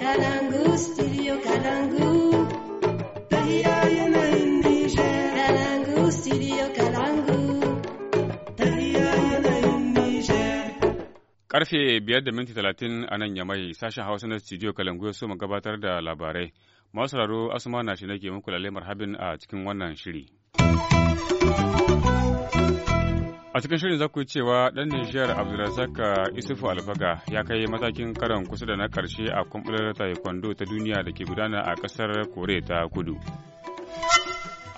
Kalangu, studio Kalangu. Karfe biyar da minti talatin a nan yamai sashen Hausa na studio Kalangu ya so gabatar da labarai. Masu sauraro Asuma na shi nake muku lalle marhabin a cikin wannan shiri. A cikin shirin za ku cewa ɗan Nijar Abdulrazak Isufu Alfaga ya kai matakin karan kusa da na karshe a kumbular taekwondo ta duniya da ke gudana a kasar korea ta Kudu.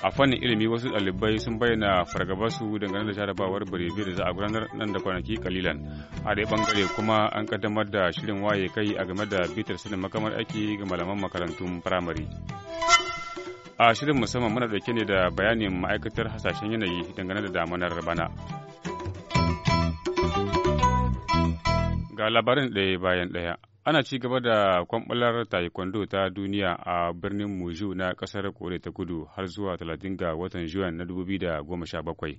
A fannin ilimi wasu ɗalibai sun bayyana fargabarsu dangane da jarabawar birebe da za a gudanar nan da kwanaki kalilan. A dai bangare kuma an kaddamar da shirin waye kai a game da bitar sanin makamar aiki ga malaman makarantun firamare. a shirin musamman muna dauke ne da bayanin ma'aikatar hasashen yanayi dangane da damunar bana ga labarin ɗaya bayan ɗaya ana ci gaba da kwamɓalar taekwondo ta duniya a birnin muju na ƙasar kore ta kudu har zuwa 30 ga watan juan na 2017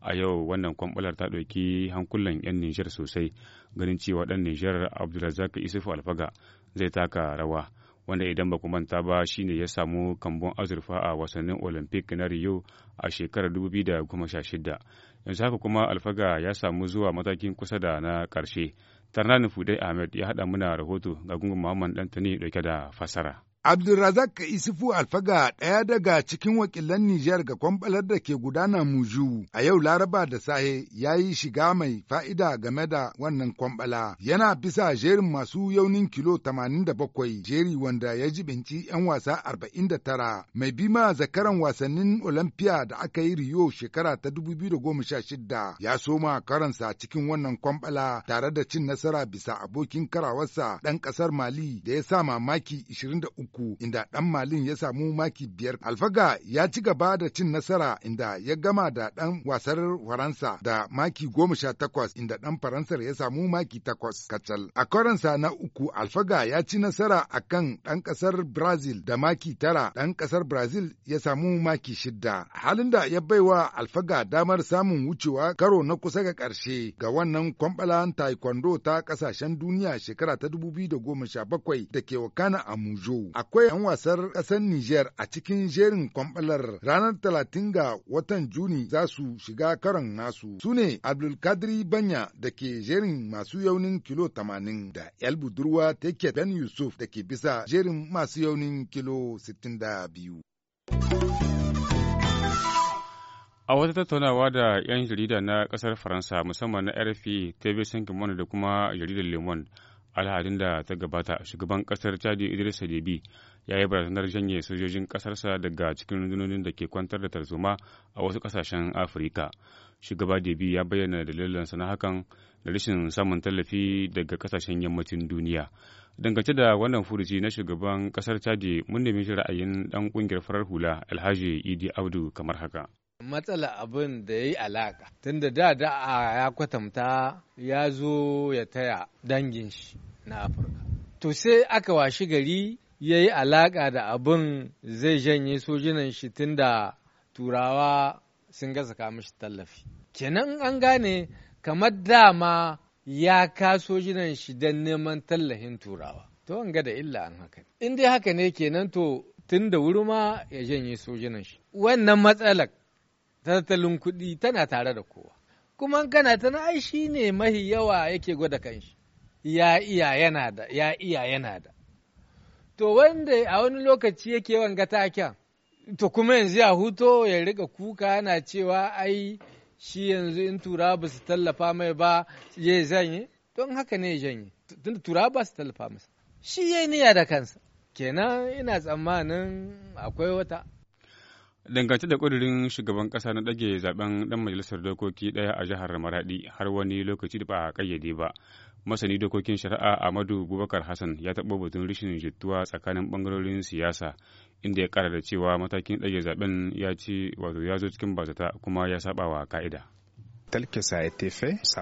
a yau wannan kwamɓalar ta ɗauki hankulan 'yan nijar sosai ganin cewa ɗan nijar abdulrazak isufu alfaga zai taka rawa wanda idan ba ku manta ba shi ne ya samu kambun azurfa a wasannin olympic na rio a shekarar 2016 yanzu haka kuma alfaga ya samu zuwa matakin kusa da na ƙarshe tarnanin fudai ahmed ya haɗa muna rahoto ga gungun muhammad ɗantani ɗauke da fasara Abdulrazak Isufu Alfaga ɗaya daga cikin wakilan Nijar ga kwamɓalar da ke gudana Muju a yau Laraba da sahe ya yi shiga mai fa'ida game da wannan kwamɓala. Yana bisa jerin masu yaunin kilo 87 jeri wanda ya jibinci 'yan wasa 49 mai bima zakaran wasannin Olamfiya da aka yi Riyo shekara ta 2016 ya soma karansa cikin wannan kwamɓala tare da cin nasara bisa abokin karawarsa ɗan ƙasar Mali da ya sa mamaki 23 uku inda ɗan Malin ya samu maki biyar. Alfaga ya ci gaba da cin nasara inda ya gama da ɗan wasar Faransa da maki goma sha takwas inda ɗan Faransar ya samu maki takwas kacal. A karansa na uku Alfaga ya ci nasara a kan ɗan ƙasar Brazil da maki tara dan ƙasar Brazil ya samu maki shidda. Halin da ya baiwa Alfaga damar samun wucewa karo na kusa ga ƙarshe ga wannan kwamɓalan taekwondo ta ƙasashen duniya shekara ta 2017 da ke wakana a Mujo. A akwai 'yan wasar ƙasar Nijar a cikin jerin kwamɓalar ranar talatin ga watan Juni za su shiga karon nasu. Su ne Abdulkadiri Banya da ke jerin masu yaunin kilo 80 da El Budurwa take Ben Yusuf da ke bisa jerin masu yaunin kilo 62. A wata tattaunawa da 'yan jarida na ƙasar Faransa musamman na RFI, TV Sankimon da kuma jaridar lemon. alhadin da ta gabata shugaban kasar chadi idris debi ya yi barazanar janye sojojin kasarsa daga cikin rundunonin da ke kwantar da tarzoma a wasu kasashen afirka shugaba debi ya bayyana dalilansa na hakan da rashin samun tallafi daga kasashen yammacin duniya dangance da wannan furuci na shugaban kasar chadi mun nemi shi ra'ayin dan kungiyar farar hula alhaji idi abdu kamar haka matsala abin da ya yi alaka tunda da da ya kwatanta ya zo ya taya dangin shi na afirka to sai aka washi gari ya yi alaka da abin zai janye sojinan shi da turawa sun gasa mishi tallafi kenan an gane kamar dama ya ka sojinan shi don neman tallafin turawa to an ga da illa an haka in dai haka ne kenan to tun da wuri ma ya janye sojinan shi wannan matsalar tattalin kuɗi tana tare da kowa kuma kana tana ai shi ne mahi yawa yake gwada kanshi ya iya yana da ya iya yana da to wanda a wani lokaci yake wanga taken to kuma yanzu ya huto ya riga kuka yana cewa ai shi yanzu in tura ba su tallafa mai ba ya janye don haka ne ya tun tunda tura ba su tallafa masa shi ya niyya da kansa kenan ina tsammanin akwai wata Dangance da ƙudurin shugaban ƙasa na ɗage zaben ɗan majalisar dokoki ɗaya a jihar Maraɗi har wani lokaci da ba a kayyade ba. Masani dokokin shari'a amadu Bubakar Hassan ya taɓa batun rashin jituwa tsakanin ɓangarorin siyasa inda ya ƙara da cewa matakin ɗage zaben ya ci wato ya zo cikin bazata kuma ya saɓa wa ka'ida.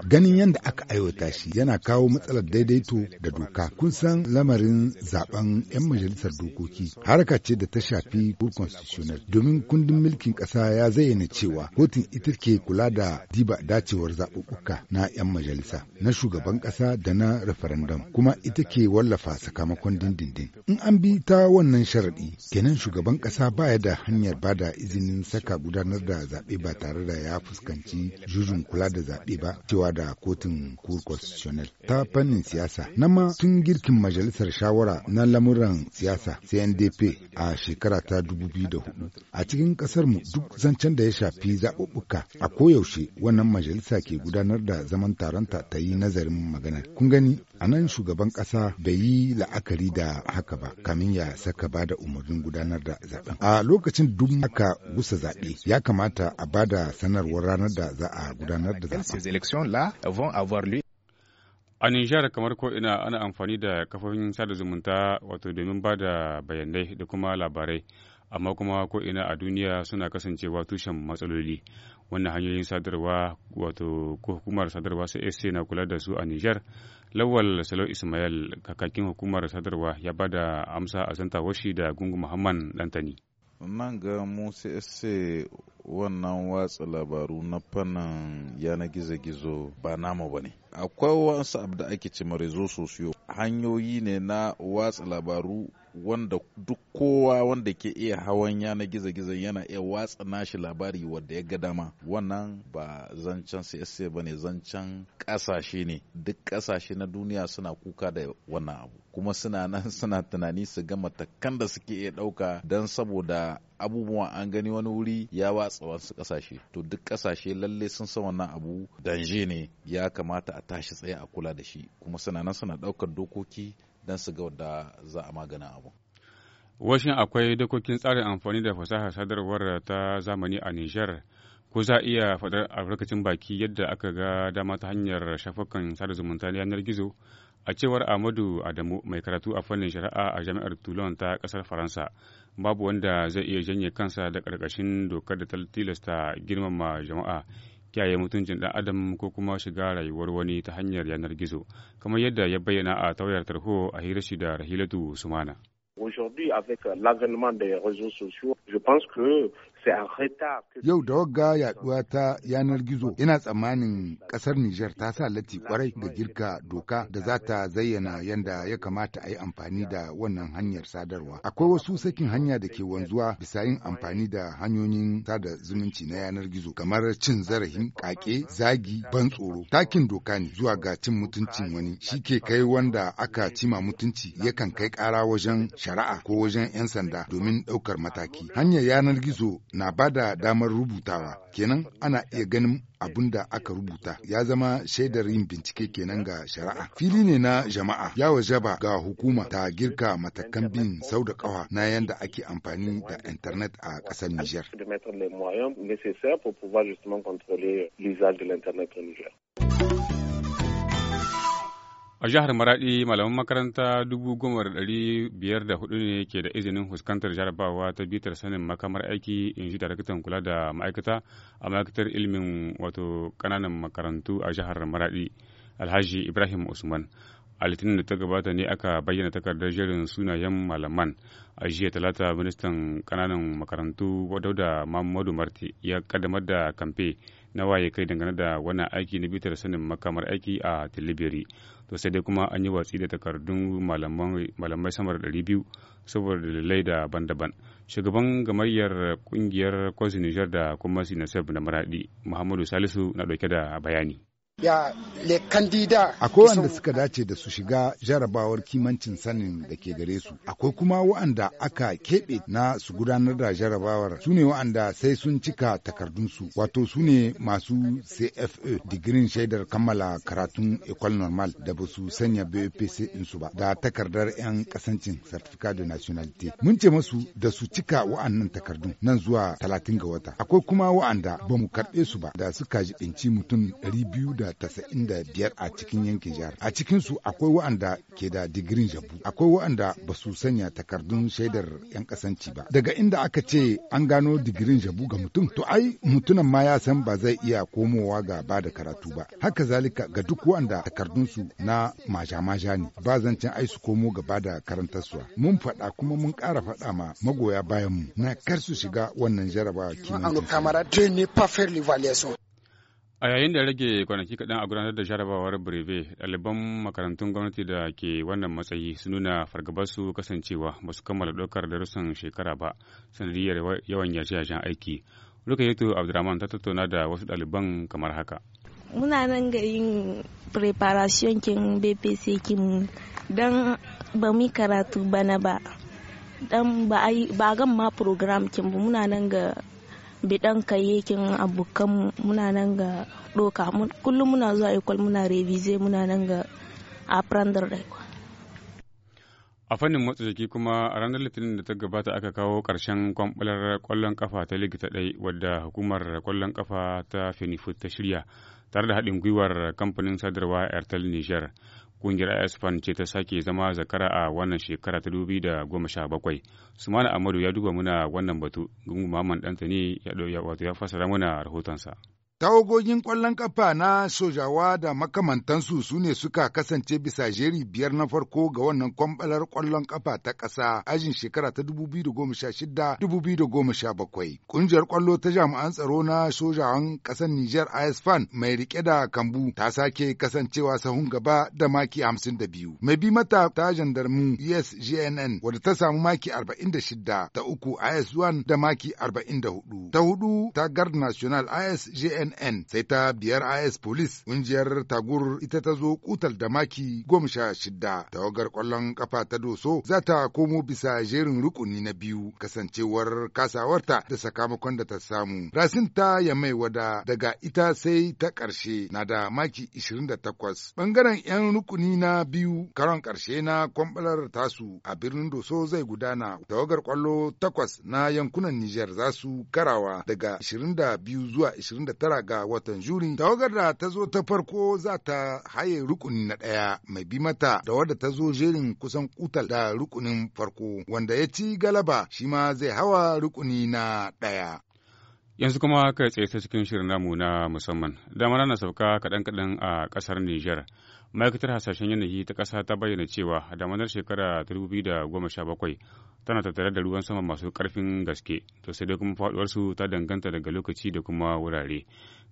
Ganin yadda aka aiwata shi yana kawo matsalar daidaito da doka. Kun san lamarin zaben 'yan majalisar dokoki haraka ce da ta shafi ko constitutional domin kundin mulkin ƙasa ya zayyana cewa kotun ita ke kula da diba dacewar zaɓuɓɓuka na 'yan majalisa na shugaban ƙasa da na referendum kuma ita ke wallafa sakamakon dindindin. In an bi ta wannan sharaɗi kenan shugaban ƙasa baya da hanyar bada izinin saka gudanar da zaɓe ba tare da ya fuskanci juju kotun kula da zaɓe ba cewa da kotun kur constitutional ta fannin siyasa na ma tun girkin majalisar shawara na lamuran siyasa cndp a shekara ta dubu biyu da hudu. a cikin kasar mu duk zancen da ya shafi zaɓuɓɓuka a koyaushe wannan majalisa ke gudanar da zaman taronta ta yi nazarin magana kun gani a nan shugaban ƙasa bai yi la'akari da haka ba kamin ya saka ba da umarnin gudanar da zaɓen a lokacin duk aka gusa zaɓe ya kamata a ba da sanarwar ranar da za a gudanar da zaɓen. A Nijar kamar ko ina ana amfani da kafofin sada zumunta wato domin ba da bayanai da kuma labarai, amma kuma ko ina a duniya suna kasancewa tushen matsaloli. Wannan hanyoyin sadarwa wato ko hukumar sadarwa CAC na kula da su a Nijar. Lawal Salo Ismail kakakin hukumar sadarwa ya ba da amsa a zanta Washi da Gungu Muhammad Dantani. nan ga mu csc wannan watsa labaru na fannin yanar gizo-gizo ba namu ba ne akwai wasu abu da ake cimma rezo sosiyo hanyoyi ne na watsa labaru wanda duk kowa wanda ke iya hawan yana gizo-gizo yana iya watsa nashi labari wanda ya ga dama wannan ba zancen CSA ba ne zancen kasashe ne duk ƙasashe na duniya suna kuka da wannan abu kuma suna nan suna tunani su ga matakan da suke iya ɗauka don saboda abubuwan an gani wani wuri ya watsa wasu kasashe to duk kasashe lalle sun san wannan abu danje ne ya kamata a tashi tsaye a kula da shi kuma suna nan suna daukar dokoki don su ga wadda za a magana abu. Washin akwai dokokin tsarin amfani da fasahar sadarwar ta zamani a Nijar. Ko za a iya faɗar albarkacin baki yadda aka ga dama ta hanyar shafukan sada zumunta na yanar gizo a cewar Amadu Adamu mai karatu a fannin shari'a a jami'ar Toulon ta ƙasar Faransa. Babu wanda zai iya janye kansa da ƙarƙashin dokar da ta tilasta girmama jama'a. kiyaye mutuncin dan adam ko kuma shiga rayuwar wani ta hanyar yanar gizo kamar yadda ya bayyana a tauyar tarho a hira shi da rahilatu sumana. Aujourd'hui, avec l'avènement des réseaux sociaux, je pense que Yau da wagga yaduwa ta yanar gizo ina tsammanin kasar Nijar ta sa lati kwarai ga girka doka da za ta zayyana yadda ya kamata a yi amfani da wannan hanyar sadarwa. Akwai wasu sakin hanya da ke wanzuwa bisa yin amfani da hanyoyin sada zumunci na yanar gizo kamar cin zarafin kake zagi ban tsoro takin doka ne zuwa ga cin mutuncin wani shi ke kai wanda aka cima mutunci yakan kai kara wajen shari'a ko wajen 'yan sanda domin ɗaukar mataki. Hanyar yanar gizo na ba da damar rubutawa kenan ana iya ganin abin da aka rubuta ya zama shaidar yin bincike kenan ga shari'a fili ne na jama'a ya wajaba ga hukuma ta girka matakan bin sau da kawa na yanda ake amfani da internet a ƙasar Nijar. Niger. A jihar Maradi malaman makaranta dubu goma da ɗari biyar da hudu ne ke da izinin fuskantar jarabawa ta bitar sanin makamar aiki in ji daraktan kula da ma'aikata a ma'aikatar ilimin wato ƙananan makarantu a jihar Maradi Alhaji Ibrahim Usman. a litinin da ta gabata ne aka bayyana takardar jerin sunayen malaman a jiya talata ministan kananan makarantu wadau da mamadu marti ya kaddamar da kamfe na waye kai dangane da wannan aiki na bitar sanin makamar aiki a tilibiri to sai dai kuma an yi watsi da takardun malamai samar da biyu saboda dalilai daban-daban shugaban gamayyar kungiyar kwasi nijar da kuma sinasef na maradi muhammadu salisu na dauke da bayani ya kandida. Akwai wanda suka dace da su shiga jarabawar kimancin sanin da ke gare su. Akwai kuma wa'anda aka keɓe na su gudanar da jarabawar su ne wa'anda sai sun cika takardunsu wato su ne masu CFA e, digirin shaidar kammala karatun Ecole Normal da ba su sanya BPC su ba da takardar 'yan kasancin Certificate de Nationalité. Mun ce masu da su cika wa'annan takardun nan zuwa talatin ga wata. Akwai kuma wa'anda ba mu karɓe su ba da suka jibinci mutum 200 da tasa'in da biyar a cikin yankin jihar a cikin su akwai wa'anda ke da digirin jabu akwai wa'anda ba su sanya takardun shaidar yan kasanci ba daga inda aka ce an gano digirin jabu ga mutum to ai mutunan ma ya san ba zai iya komowa ga ba da karatu ba haka zalika ga duk wa'anda takardunsu na maja-maja ne ba zancen ai su komo ga ba da karantarsuwa mun faɗa kuma mun ƙara faɗa ma magoya bayanmu na kar su shiga wannan jarabawa kimanin A yayin da rage kwanaki kaɗan a gudanar da jarabawar Breve, ɗaliban makarantun gwamnati da ke wannan matsayi su nuna fargabar su kasancewa ba su kammala ɗaukar darussan shekara ba sanadiyar yawan yashe yashen aiki. Rukayeto Abdurrahman ta tattauna da wasu ɗaliban kamar haka. Muna nan ga yin preparation kin BPC kin don ba mu karatu bana ba. Dan ba a gan ma program kin muna nan ga bidan kayyakin abokan muna nan ga doka kullum muna zuwa ikwal muna revize muna nan ga aprandar da a fannin motsa jiki kuma a ranar litinin da ta gabata aka kawo karshen kwamɓalar kwallon kafa ta ligi ta ɗai wadda hukumar kwallon kafa ta fenifut ta shirya tare da haɗin gwiwar kamfanin sadarwa airtel niger Ƙungiyar ISFAN ce ta sake zama zakara a wannan shekara ta dubi da goma sha bakwai. Sumana Amadu ya duba muna wannan batu, Gungu Muhammad Dantani ya fasara mana rahotonsa. Tawagogin ƙwallon ƙafa na sojawa da makamantansu su ne suka kasance bisa jeri biyar na farko ga wannan kwambalar ƙwallon ƙafa ta ƙasa ajin shekara ta 2016-2017. Ƙungiyar ƙwallo ta jami'an tsaro na sojawan ƙasar Nijar ISFAN mai rike da kambu ta sake kasancewa sahun gaba da maki 52. Mai bi mata ta jandarmu ESGNN wadda ta samu maki 46 ta uku IS1 da maki 44. Ta hudu ta gard National ISGNN N sai ta biyar IS Police ƙungiyar Tagur ita ta zo kutal da maki goma sha shida. Tawagar ƙwallon ƙafa ta doso za ta komo bisa jerin rukuni na biyu kasancewar kasawarta da sakamakon da ta samu. Rasin ta ya mai wada daga ita sai ta ƙarshe na da maki 28. Bangaren 'yan rukuni na biyu karon ƙarshe na kwambalar tasu a birnin doso zai gudana. Tawagar ƙwallo takwas na yankunan Nijar za su karawa daga 22 zuwa tara. tara ga watan Juni, tawagar da ta zo ta farko za ta haye rukuni na ɗaya mai bi mata da wadda ta zo jerin kusan kutal da rukunin farko wanda ya ci galaba shi ma zai hawa rukuni na ɗaya. Yanzu kuma kai tsaye ta cikin shirin namu na musamman. Damar na sauka kaɗan-kaɗan a ƙasar Nijar. Ma'aikatar hasashen yanayi ta ƙasa ta bayyana cewa damanar shekara 2017 tana tattare da ruwan sama masu karfin gaske, to sai dai kuma faɗuwarsu ta danganta daga lokaci da kuma wurare.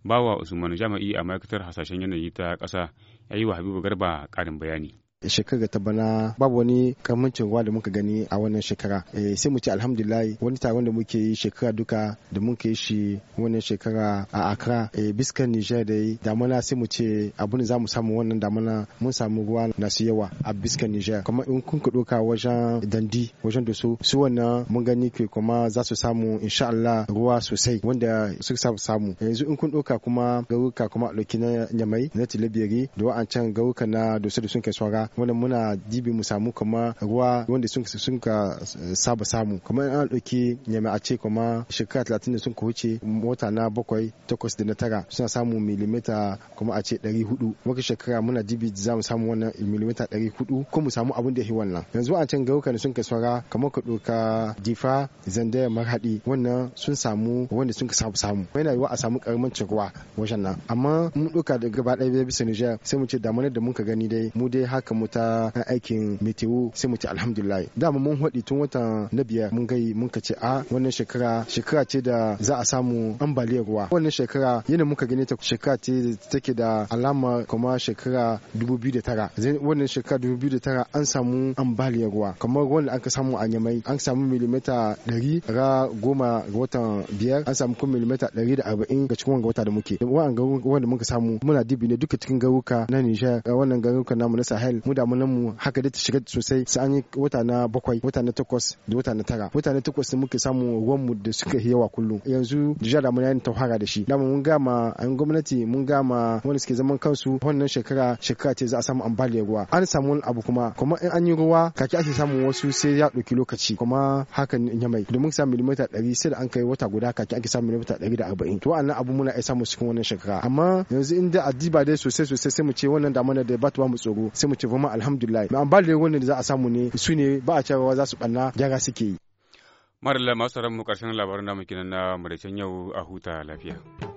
Bawa Usman Jama'i a ma'aikatar hasashen yanayi ta ƙasa ya yi wa Habibu Garba ƙarin bayani. shekara ta bana babu wani kamancin ruwa da muka gani a wannan shekara eh, sai mu ce alhamdulillah wani taron da muke yi shekara duka da muka yi shi wannan shekara a Accra eh, biskan Niger yi damana sai mu ce abin da zamu samu wannan damana mun samu ruwa na su yawa a biskan Niger kuma in kun ka doka wajen dandi wajen da su su wannan mun gani ke kuma za su samu insha Allah ruwa sosai wanda su samu yanzu in kun doka kuma garuka kuma a na nyamai na tilabiri da wa'ancan garuka na da su da sun kai saura wannan muna jibi mu samu kama ruwa wanda sun sun ka eh, saba samu kamar an dauki nyame a ce kuma shekara talatin da sun ka wuce mota na bakwai takwas da na tara suna samu milimita kuma a ce ɗari hudu wata shekara muna jibi za mu samu wannan milimita ɗari hudu ko mu samu abin da ya yi wannan yanzu a can garuka ne sun ka saura kamar ka doka difa zandaya marhaɗi wannan sun samu wanda sun ka samu samu yana yiwuwa a samu karamin ruwa wajen nan amma mun doka da gaba ɗaya bisa Nijar sai mu ce damanar da mun ka gani dai mu dai haka mu ta aikin metewo sai mu ce alhamdulillah dama mun haɗi tun watan na biyar mun gai mun ka ce a wannan shekara shekara ce da za a samu ambaliyar ruwa wannan shekara yana muka gani ta shekara ce take da alama kuma shekara 2009 wannan shekara 2009 an samu ambaliyar ruwa kamar wanda aka samu a nyamai an samu milimita 100 ga goma ga watan biyar an samu kuma milimita 140 ga cikin wata da muke wanda muka samu muna dibi ne duka cikin garuka na nishar wannan garuka namu na Sahel mu damunan mu haka dai ta shiga sosai sai an yi wata na bakwai wata na takwas da wata na tara wata na takwas ne muke samu ruwan mu da suka yi yawa kullum yanzu da damuna yana tauhara da shi dama mun gama an gwamnati mun gama wani suke zaman kansu wannan shekara shekara ce za a samu ambaliyar ruwa an samu wani abu kuma kuma in an yi ruwa kaki ake samun wasu sai ya ɗauki lokaci kuma haka ya mai domin samu milimita ɗari sai da an kai wata guda kaki ake samun milimita ɗari da arba'in to wannan abu muna iya samu cikin wannan shekara amma yanzu inda adiba dai sosai sosai sai mu ce wannan damuna da ba ta ba mu tsoro sai mu ce kuma alhamdulillah amma ba da da za a samu ne su ne ba a cewa za su banna jaga suke yi lamar masu mu karshen labarin namu kinan na maraicen yau a huta lafiya